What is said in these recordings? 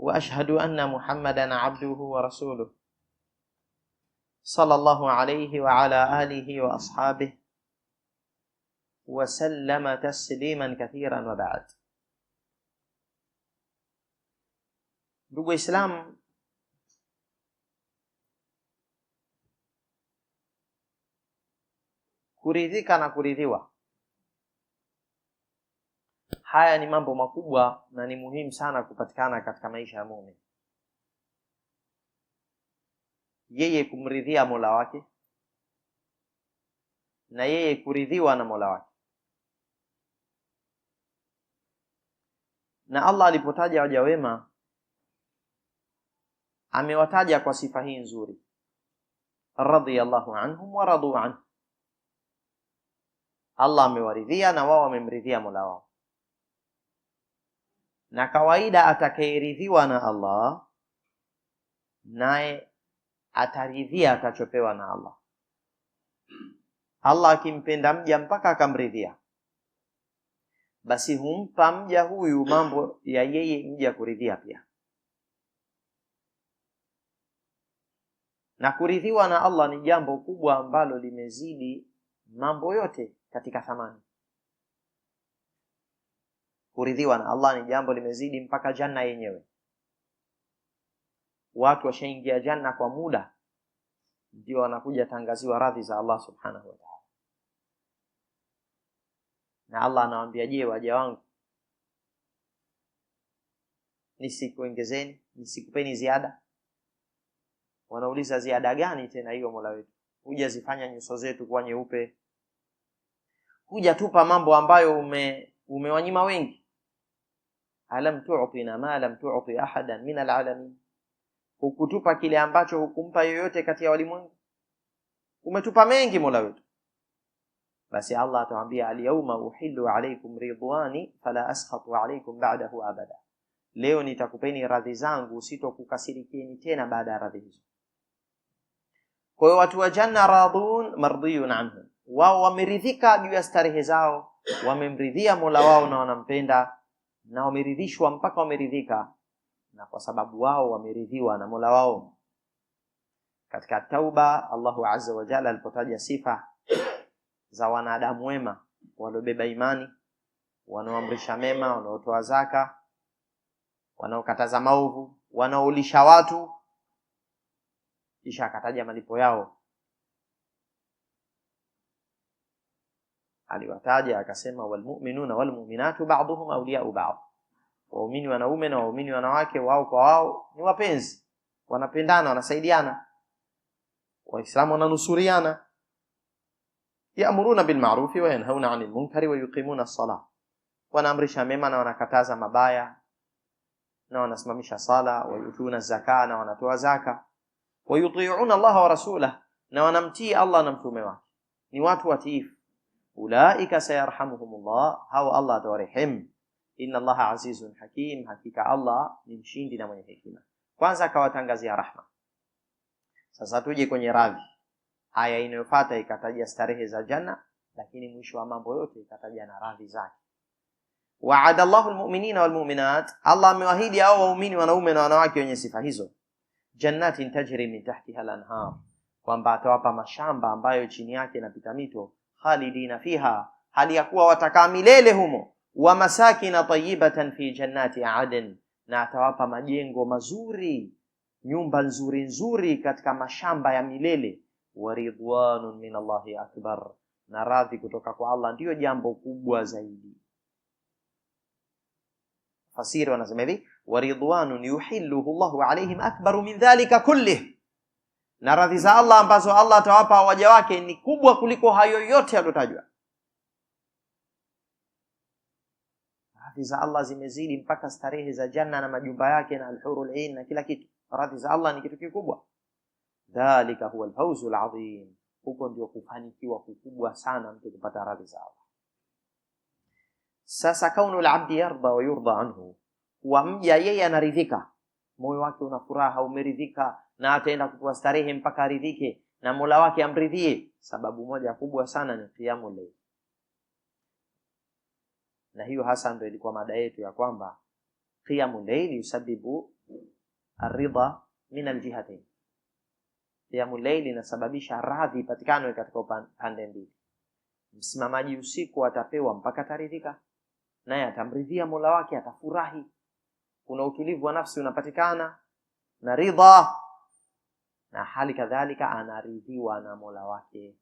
واشهد ان محمدا عبده ورسوله صلى الله عليه وعلى اله واصحابه وسلم تسليما كثيرا وبعد Drugo اسلام kuridhika انا kuridhiwa Haya ni mambo makubwa na ni muhimu sana kupatikana katika maisha ya mumin yeye kumridhia mola wake na yeye kuridhiwa na mola wake. Na Allah alipotaja waja wema amewataja kwa sifa hii nzuri, radhiyallahu anhum wa radu anhu, Allah amewaridhia na wao wamemridhia mola wao na kawaida atakayeridhiwa na Allah naye ataridhia atachopewa na Allah. Allah akimpenda mja mpaka akamridhia, basi humpa mja huyu mambo ya yeye mja kuridhia pia. Na kuridhiwa na Allah ni jambo kubwa ambalo limezidi mambo yote katika thamani kuridhiwa na Allah ni jambo limezidi mpaka janna yenyewe. Watu washaingia janna kwa muda, ndio wanakuja tangaziwa radhi za Allah subhanahu wa ta'ala, na Allah anawaambia, je, waja wangu nisikuongezeni nisikupeni ziada? Wanauliza, ziada gani tena hiyo Mola wetu? Hujazifanya nyuso zetu kuwa nyeupe, hujatupa mambo ambayo ume umewanyima wengi alam tu'tina ma lam tu'ti ahadan min alalamin, hukutupa kile ambacho hukumpa yoyote kati ya walimwengu? Umetupa mengi mola wetu. Basi Allah atawambia alyauma uhillu alaikum ridwani fala askhatu alaikum ba'dahu abada, leo nitakupeni radhi zangu, sitokukasirikieni tena baada ya radhi hizo. Kwa hiyo watu wa janna radhun mardiyun anhum, wao wameridhika juu ya starehe zao, wamemridhia mola wao na wanampenda na wameridhishwa mpaka wameridhika, na kwa sababu wao wameridhiwa na mola wao. Katika Tauba, Allahu azza wa jalla alipotaja sifa za wanadamu wema waliobeba imani, wanaoamrisha mema, wanaotoa zaka, wanaokataza maovu, wanaolisha watu, kisha akataja malipo yao aliwataja akasema, walmuminuna walmuminatu ba'dhuhum awliyau ba'd, waumini wanaume na waumini wanawake wao kwa wao ni wapenzi, wanapendana, wanasaidiana, Waislamu wananusuriana. Yaamuruna bilmarufi wa yanhauna anil munkari wa yuqimuna as wanaamrisha mema na wanakataza mabaya na wanasimamisha sala, wayutuna zaka na wanatoa zaka, wayutiuna Allah wa rasulah, na wanamtii Allah na mtume wake, ni watu watiifu Ulaika sayarhamuhumullah, hawa Allah atawarehemu. Inna Allaha azizun hakim, hakika Allah ni mshindi na mwenye hekima. Kwanza akawatangazia rahma. Sasa tuje kwenye radhi. Haya inayofuata ikataja starehe za janna, lakini mwisho wa mambo yote ikataja na radhi zake. Waada Allahu lmuminina walmuminat, Allah amewahidi hao waumini wanaume na wanawake wenye sifa hizo, jannatin tajri min tahtiha lanhar, kwamba atawapa mashamba ambayo chini yake inapita mito khalidina fiha, hali ya kuwa watakaa milele humo. Wa masakina tayyibatan fi jannati adn, na atawapa majengo mazuri, nyumba nzuri nzuri katika mashamba ya milele. Wa ridwanun min Allahi akbar, na radhi kutoka kwa Allah ndiyo jambo kubwa zaidi. Fasiri wanasema hivi, wa ridwanun yuhilluhu Allahu alayhim akbaru min dhalika kullih na radhi za Allah ambazo Allah atawapa waja wake ni kubwa kuliko hayo yote yaliyotajwa. Radhi za Allah zimezidi mpaka starehe za janna na majumba yake na alhurul ain na kila kitu. Radhi za Allah ni kitu kikubwa. Dhalika huwa alfawzu alazim, huko ndio kufanikiwa kukubwa sana mtu kupata radhi za Allah. Sasa kaunu alabdi yarda wa yurda anhu, kuwa mja yeye anaridhika moyo wake una furaha, umeridhika, na ataenda kupewa starehe mpaka aridhike na mola wake amridhie. Sababu moja kubwa sana ni kiamu leili, na hiyo hasa ndio ilikuwa mada yetu ya kwamba qiyamu leili yusabibu aridha min aljihatain. Qiyamu leili inasababisha radhi ipatikanwe katika pande mbili. Msimamaji usiku atapewa mpaka ataridhika, naye atamridhia mola wake, atafurahi kuna utulivu wa nafsi unapatikana na ridha, na hali kadhalika anaridhiwa na Mola wake.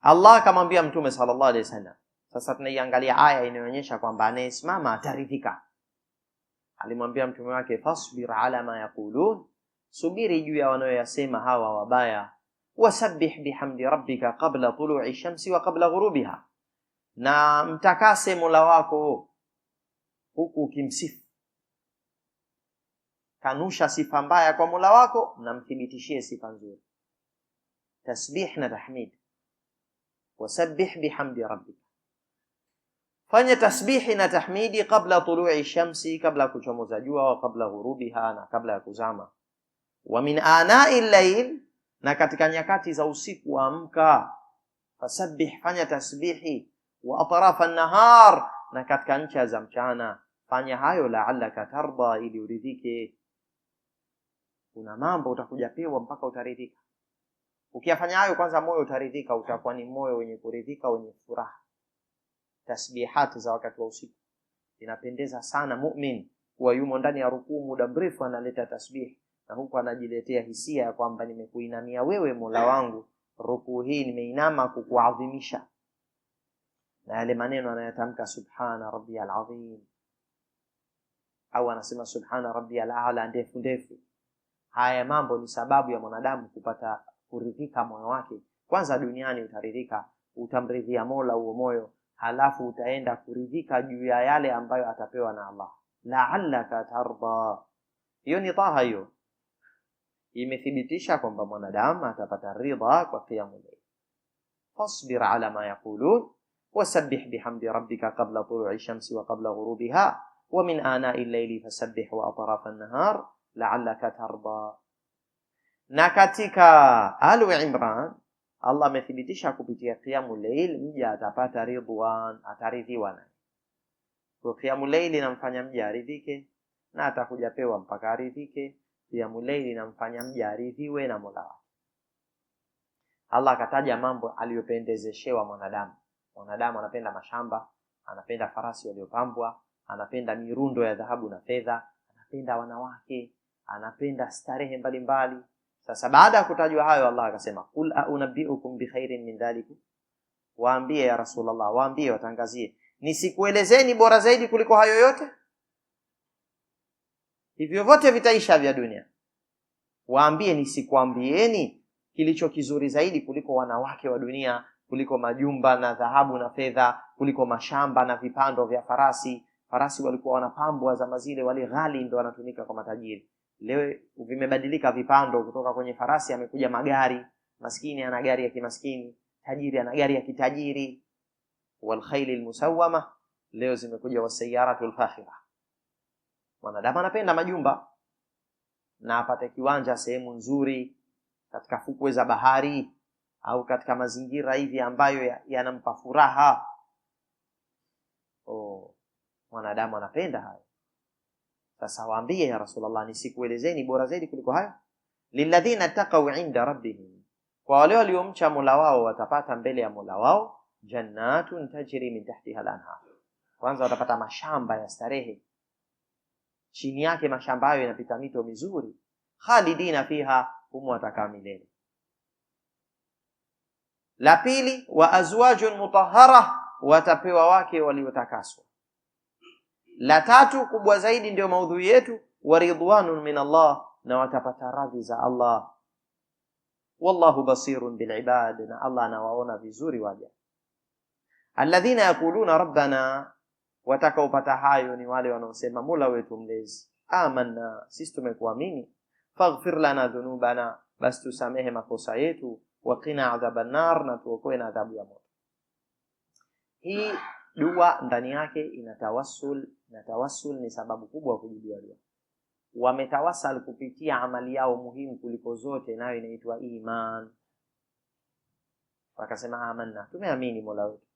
Allah akamwambia Mtume sallallahu alaihi wasallam. Sasa tunaiangalia aya inayoonyesha kwamba anayesimama ataridhika. Alimwambia mtume wake, fasbir ala ma yaqulun, subiri juu ya wanayoyasema hawa wabaya. Wasabbih bihamdi rabbika qabla tulu'i shamsi wa qabla ghurubiha, na mtakase mola wako huku ukimsifu. Kanusha sifa mbaya kwa Mola wako, namthibitishie sifa nzuri. Tasbih na tahmid, wasabbih bihamdi rabbika, fanya tasbihi na tahmidi kabla tului shamsi, kabla ya kuchomoza jua, wa kabla ghurubiha, na kabla ya kuzama, wa min anai llail, na katika nyakati za usiku wa amka. Fasabbih, fanya tasbihi, wa atrafa nahar na katika ncha za mchana. Fanya hayo laalaka tarda, ili uridhike. Kuna mambo utakuja pewa mpaka utaridhika. Ukiyafanya hayo kwanza, moyo utaridhika, utakuwa ni moyo wenye kuridhika, wenye furaha. Tasbihati za wakati wa usiku inapendeza sana. Mumin huwa yumo ndani ya rukuu muda mrefu, analeta tasbih na huku anajiletea hisia ya kwamba nimekuinamia wewe Mola wangu, rukuu hii nimeinama kukuadhimisha na yale maneno anayotamka subhana rabbiya alazim au anasema subhana rabbiya alala ndefu ndefu haya mambo ni sababu ya mwanadamu kupata kuridhika moyo wake kwanza duniani utaridhika utamridhia mola huo moyo halafu utaenda kuridhika juu ya yale ambayo atapewa na allah laalaka tarda hiyo ni taha hiyo imethibitisha kwamba mwanadamu atapata ridha kwa qiyamu leil fasbir ala ma yaqulun وسبح بحمد ربك قبل طلوع الشمس وقبل غروبها ومن آناء الليل فسبح وأطراف النهار لعلك ترضى نكاتيكا آل عمران الله مثبتش كبتي قيام الليل مجا تبات رضوان أتاريذي وانا قيام الليل نمفانيا مجا رذيك ناتاكو جابي وانبقى رذيك قيام الليل نمفانيا مجا رذي وانا ملا الله كتاجا مامبو اليو بندزشي ومنادامي mwanadamu anapenda mashamba anapenda farasi waliopambwa anapenda mirundo ya dhahabu na fedha anapenda wanawake anapenda starehe mbalimbali mbali. sasa baada ya kutajwa hayo allah akasema qul aunabiukum bikhairin min dhalikum waambie ya Rasulullah, waambie watangazie nisikuelezeni bora zaidi kuliko hayo yote hivyo vyote vitaisha vya dunia waambie nisikuambieni kilicho kizuri zaidi kuliko wanawake wa dunia kuliko majumba na dhahabu na fedha, kuliko mashamba na vipando vya farasi. Farasi walikuwa wanapambwa zama zile, wale ghali ndio wanatumika kwa matajiri. Leo vimebadilika vipando, kutoka kwenye farasi amekuja magari. Maskini ana gari ya kimaskini, tajiri ana gari ya kitajiri. Walkhaili lmusawama, leo zimekuja wasayaratu lfakhira. Mwanadamu anapenda majumba na apate kiwanja sehemu nzuri katika fukwe za bahari au katika mazingira hivi ambayo yanampa ya furaha oh, mwanadamu anapenda hayo sasa waambie ya rasulllah nisikuelezeni bora zaidi kuliko hayo lilladhina takau inda rabbihim kwa wale waliomcha mola wao watapata mbele ya mola wao jannatun tajri min tahtiha lanhar kwanza watapata mashamba ya starehe chini yake mashamba hayo yanapita mito mizuri khalidina fiha humu watakaa milele la pili, wa azwajun mutahara, watapewa wake waliotakaswa. La tatu kubwa zaidi, ndio maudhui yetu, wa ridwanun min Allah, na watapata radhi za Allah. Wallahu basirun bil ibad, na Allah anawaona vizuri waja. Alladhina yaquluna rabbana, watakaopata hayo ni wale wanaosema mola wetu mlezi, amanna, sisi tumekuamini, faghfir lana dhunubana, basi tusamehe makosa yetu wakina adhaban nar, na tuokoe na adhabu ya moto. Hii dua ndani yake ina tawassul, na tawassul ni sababu kubwa kujibiwa dua. Wametawasal kupitia amali yao muhimu kuliko zote, nayo inaitwa iman. Wakasema amanna, tumeamini mola wetu.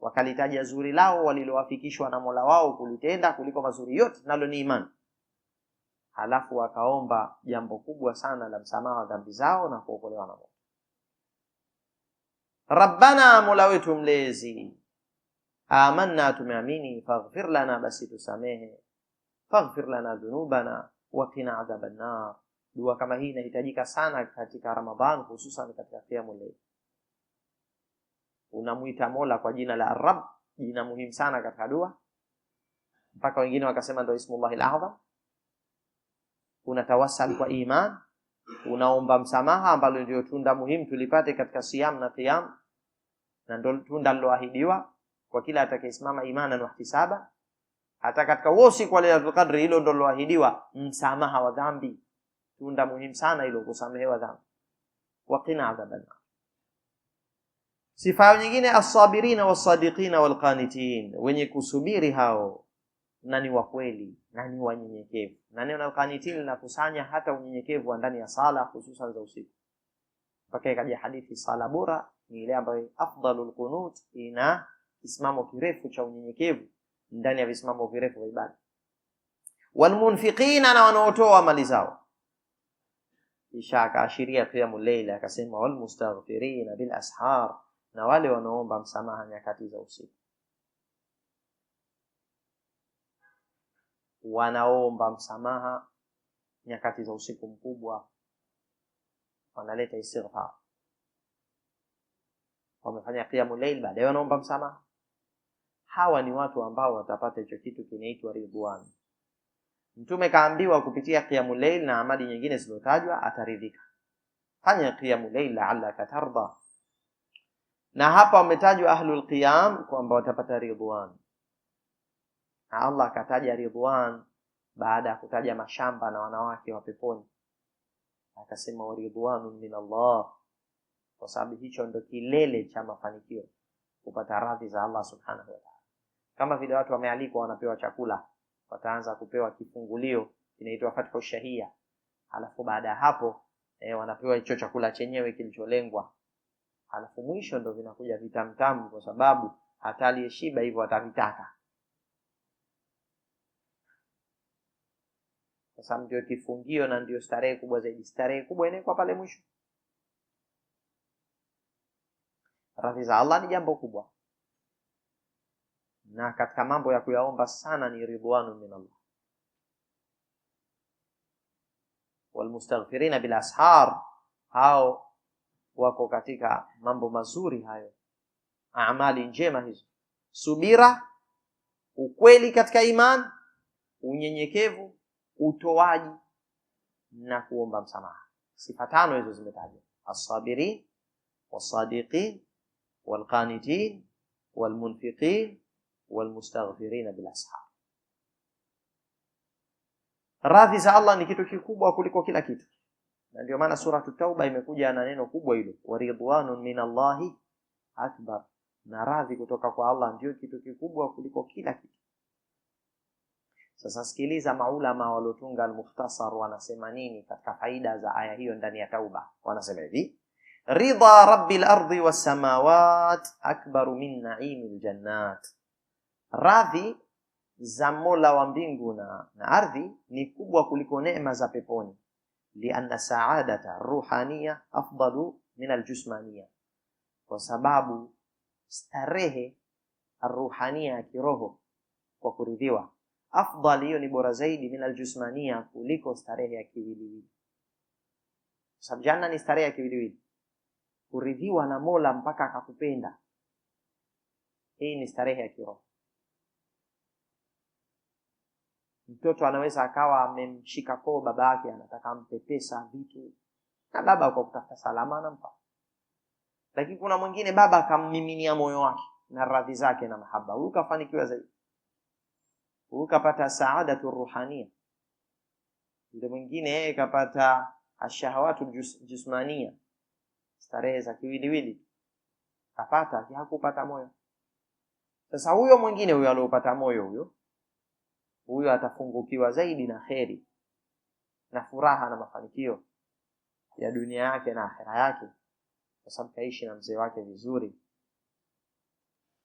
Wakalitaja zuri lao walilowafikishwa na mola wao kulitenda kuliko mazuri yote, nalo ni imani. Halafu wakaomba jambo kubwa sana la msamaha wa dhambi zao na kuokolewa na moto. Rabbana, mola wetu mlezi, amanna, tumeamini, faghfir lana, basi tusamehe, faghfir lana dhunubana wakina adhaban nar. Dua kama hii inahitajika sana katika Ramadhan, hususan katika qiyamul layl. Unamwita mola kwa jina la Rabb, jina muhimu sana katika dua, mpaka wengine wakasema ndo ismullahil a'zam. Unatawassal kwa iman unaomba msamaha, ambalo ndio tunda muhimu tulipate katika siam na qiyam, na ndio tunda liloahidiwa kwa kila atakayesimama imana na ihtisaba. Hata katika wosi kwa Lailatul Qadri, hilo ndio liloahidiwa, msamaha wa dhambi. Tunda muhimu sana hilo, kusamehewa dhambi. qina adhaban Sifa nyingine, asabirina wasadiqina walqanitin, wenye kusubiri hao na ni wakweli na ni wanyenyekevu, na neno alqanitin linakusanya hata unyenyekevu wa ndani ya sala, hususan za usiku. Mpaka ikaja hadithi, sala bora ni ile ambayo afdalul qunut, ina kisimamo kirefu cha unyenyekevu ndani ya visimamo virefu vya ibada. Walmunfiqina, na wanaotoa mali zao. Kisha akaashiria qiyamu leili, akasema walmustaghfirina bil ashar, na wale wanaomba msamaha nyakati za usiku. wanaomba msamaha nyakati za usiku mkubwa, wanaleta istighfar, wamefanya qiamu lail, baadaye wanaomba msamaha. Hawa ni watu ambao watapata hicho kitu kinaitwa ridwan Mtume kaambiwa kupitia qiamu lail na amali nyingine zilizotajwa ataridhika. Fanya qiamu lail la'allaka tarda. Na hapa wametajwa ahlul qiyam kwamba watapata ridwani na allah akataja ridwan baada ya kutaja mashamba na wanawake wa peponi akasema ridwanun min allah kwa sababu hicho ndo kilele cha mafanikio kupata radhi za allah subhanahu wataala kama vile watu wamealikwa wanapewa chakula wataanza kupewa kifungulio kinaitwa fathu shahia alafu baada ya hapo eh, wanapewa hicho chakula chenyewe kilicholengwa alafu mwisho ndo vinakuja vitamtamu kwa sababu hata aliyeshiba hivyo atavitaka sababu ndio kifungio na ndio starehe kubwa zaidi. Starehe kubwa inawekwa pale mwisho. Radhi za Allah ni jambo kubwa, na katika mambo ya kuyaomba sana ni ridwanu min Allah walmustaghfirina bil ashar, hao wako katika mambo mazuri hayo, amali njema hizo, subira, ukweli katika iman, unyenyekevu utoaji na kuomba msamaha. Sifa tano hizo zimetajwa: alsabirin walsadiqin walqanitin walmunfiqin walmustaghfirina bilashar. Radhi za Allah ni kitu kikubwa kuliko kila kitu, na ndio maana Suratu Tauba imekuja na neno kubwa hilo, wa ridwanun min Allahi akbar, na radhi kutoka kwa Allah ndio kitu kikubwa kuliko kila kitu. Sasa sikiliza maulama waliotunga Almukhtasar wanasema nini katika faida za aya hiyo ndani ya Tauba. Wanasema hivi, ridha rabbi lardi wassamawat akbaru min naimi ljannat, radhi za mola wa mbingu na, na ardhi ni kubwa kuliko neema za peponi. Lianna saadata ruhaniya afdalu min aljismaniya, kwa sababu starehe arruhaniya ya kiroho kwa kuridhiwa afdal, hiyo ni bora zaidi, min aljusmania, kuliko starehe ya kiwiliwili, kwa sababu janna ni starehe ya kiwiliwili, kuridhiwa na Mola mpaka akakupenda. Hii ni starehe ya kiroho. Mtoto anaweza akawa amemshika koo baba yake, anataka mpepesa vitu, na baba kwa kutafuta salama anampa, lakini kuna mwingine baba akammiminia moyo wake na radhi zake na mahaba, huyu kafanikiwa zaidi ukapata saadatu ruhania, ndio mwingine yeye kapata ashahawatu jismania, starehe za kiwiliwili kapata, hakupata moyo. Sasa huyo mwingine huyo aliopata moyo huyo huyo atafungukiwa zaidi na kheri na furaha na mafanikio ya dunia yake na akhera yake, kwa sababu kaishi na mzee wake vizuri,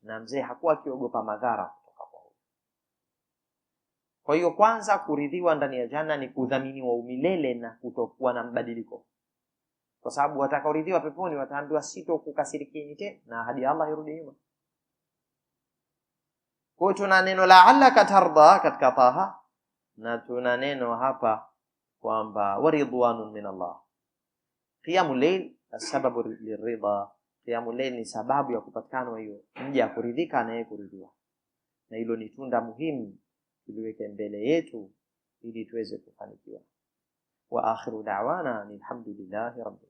na mzee hakuwa akiogopa madhara kwa hiyo kwanza, kuridhiwa ndani ya janna ni kudhaminiwa umilele na kutokuwa na mbadiliko, kwa sababu watakaoridhiwa peponi wataambiwa sitokukasirikieni tena, na ahadi ya Allah irudi nyuma. Kwa hiyo tuna neno la'allaka tarda katika Taha na tuna neno hapa kwamba waridwanun min Allah. Qiyamul layl sababu lirida, qiyamul layl ni sababu ya kupatikana hiyo mja ya kuridhika na yeye kuridhiwa, na hilo ni tunda muhimu tuliweke mbele yetu ili tuweze kufanikiwa. Wa akhiru da'wana alhamdulillahi rabbil